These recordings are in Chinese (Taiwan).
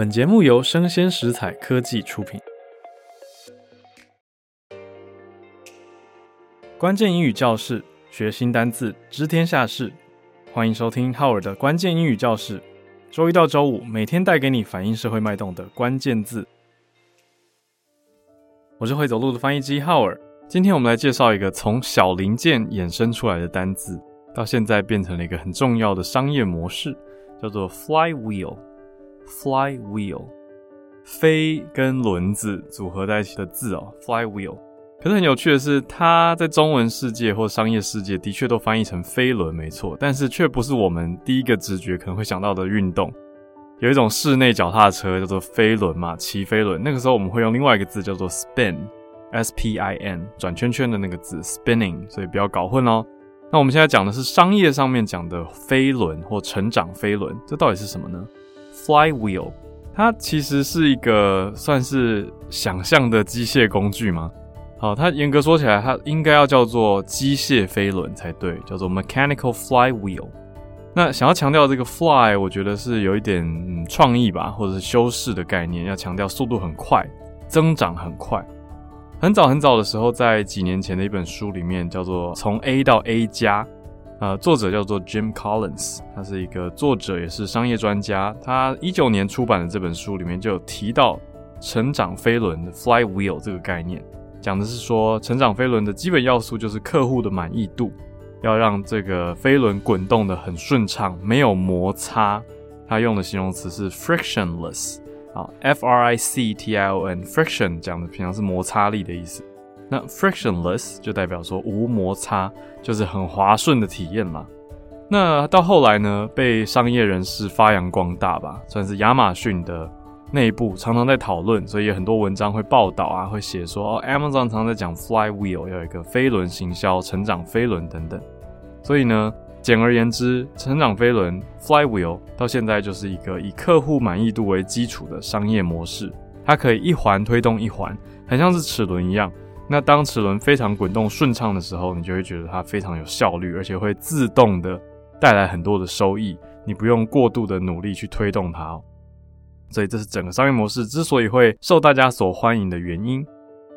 本節目由聲鮮時采科技出品。關鍵英語教室，學新單字，知天下事。歡迎收聽浩爾的關鍵英語教室。周一到周五，每天帶給你反映社會脈動的關鍵字。我是會走路的翻譯機浩爾。今天我們來介紹一個從小零件衍生出來的單字，到現在變成了一個很重要的商業模式，叫做 flywheel。Flywheel，飛跟輪子組合在一起的字哦。Flywheel，可是很有趣的是，它在中文世界或商業世界的確都翻譯成飛輪，沒錯。但是卻不是我們第一個直覺可能會想到的運動。有一種室內腳踏車叫做飛輪嘛，騎飛輪。那個時候我們會用另外一個字叫做 spin，s p i n，轉圈圈的那個字，spinning，所以不要搞混哦。那我們現在講的是商業上面講的飛輪或成長飛輪，這到底是什麼呢？Flywheel，它其實是一個算是想象的機械工具嗎？好，它嚴格說起來，它應該要叫做機械飛輪才對，叫做 mechanical flywheel。那想要強調這個 fly，我覺得是有一點創意吧，或者是修飾的概念，要強調速度很快，增長很快。很早很早的時候，在幾年前的一本書裡面，叫做從 A 到 A 加。呃，作者叫做 Jim Collins，他是一個作者，也是商業專家。他一九年出版的這本書裡面就有提到“成長飛輪”的 （Flywheel） 這個概念，講的是說，成長飛輪的基本要素就是客戶的滿意度，要讓這個飛輪滾動的很順暢，沒有摩擦。他用的形容詞是 frictionless，啊，f, less, f r i c t i o n，friction，講的平常是摩擦力的意思。那 frictionless 就代表說無摩擦，就是很滑順的體驗嘛。那到後來呢，被商業人士發揚光大吧，算是亞馬遜的內部常常在討論，所以有很多文章會報道啊，會寫說哦，Amazon 常在講 flywheel，要有一個飛輪行銷、成長飛輪等等。所以呢，簡而言之，成長飛輪 flywheel 到現在就是一個以客戶滿意度為基礎的商業模式，它可以一環推動一環，很像是齒輪一樣。那當齒輪非常滾動順暢的時候，你就會覺得它非常有效率，而且會自動的帶來很多的收益，你不用過度的努力去推動它喔。所以這是整個商業模式之所以會受大家所歡迎的原因。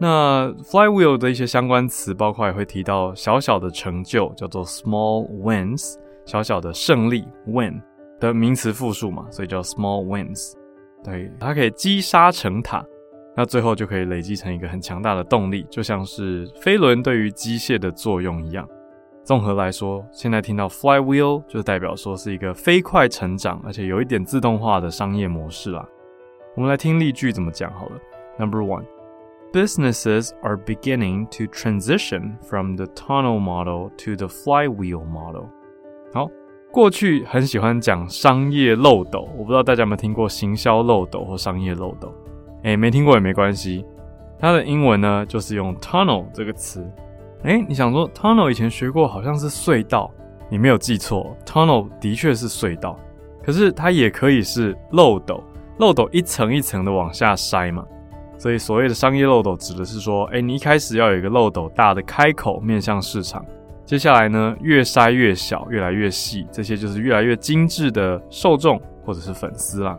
那 flywheel 的一些相關詞，包括也會提到小小的成就叫做 small wins，小小的勝利 win 的名詞複數嘛，所以叫 small wins。對，它可以積沙成塔。那最後就可以累積成一個很強大的動力，就像是飛輪對於機械的作用一樣。綜合來說，現在聽到 flywheel 就代表說是一個飛快成長，而且有一點自動化的商業模式啦。我們來聽例句怎麼講好了。Number one, businesses are beginning to transition from the funnel model to the flywheel model。好，過去很喜歡講商業漏斗，我不知道大家有沒有聽過行銷漏斗或商業漏斗。哎，欸、沒聽過也沒關係。它的英文呢，就是用 tunnel 這個詞。哎，你想說 tunnel 以前學過，好像是隧道。你沒有記錯，tunnel 的確是隧道。可是它也可以是漏斗，漏斗一層一層的往下篩嘛。所以所謂的商業漏斗，指的是說，哎，你一開始要有一個漏斗大的開口面向市場，接下來呢，越篩越小，越來越細，這些就是越來越精致的受眾或者是粉絲啦。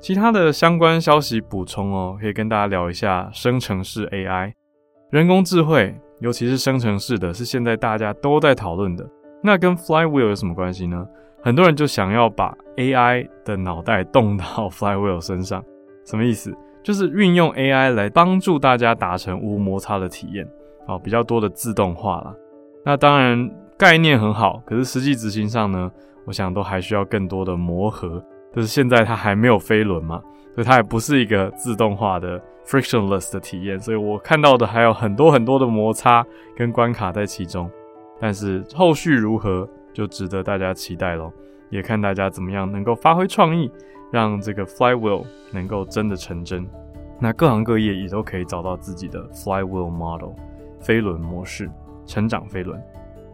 其他的相關消息補充哦，可以跟大家聊一下生成式 AI，人工智慧，尤其是生成式的，是現在大家都在討論的。那跟 Flywheel 有什麼關係呢？很多人就想要把 AI 的腦袋動到 Flywheel 身上，什麼意思？就是運用 AI 來幫助大家達成無摩擦的體驗，好，哦，比較多的自動化了。那當然概念很好，可是實際執行上呢，我想都還需要更多的磨合。就是現在它還沒有飛輪嘛，所以它也不是一個自動化的 frictionless 的體驗，所以我看到的還有很多很多的摩擦跟關卡在其中。但是後續如何就值得大家期待咯，也看大家怎麼樣能夠發揮創意，讓這個 flywheel 能夠真的成真。那各行各業也都可以找到自己的 flywheel model 飛輪模式，成長飛輪。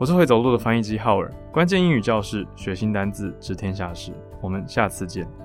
我是會走路的翻譯機浩爾，關鍵英語教室，學新單字，知天下事。我們下次見。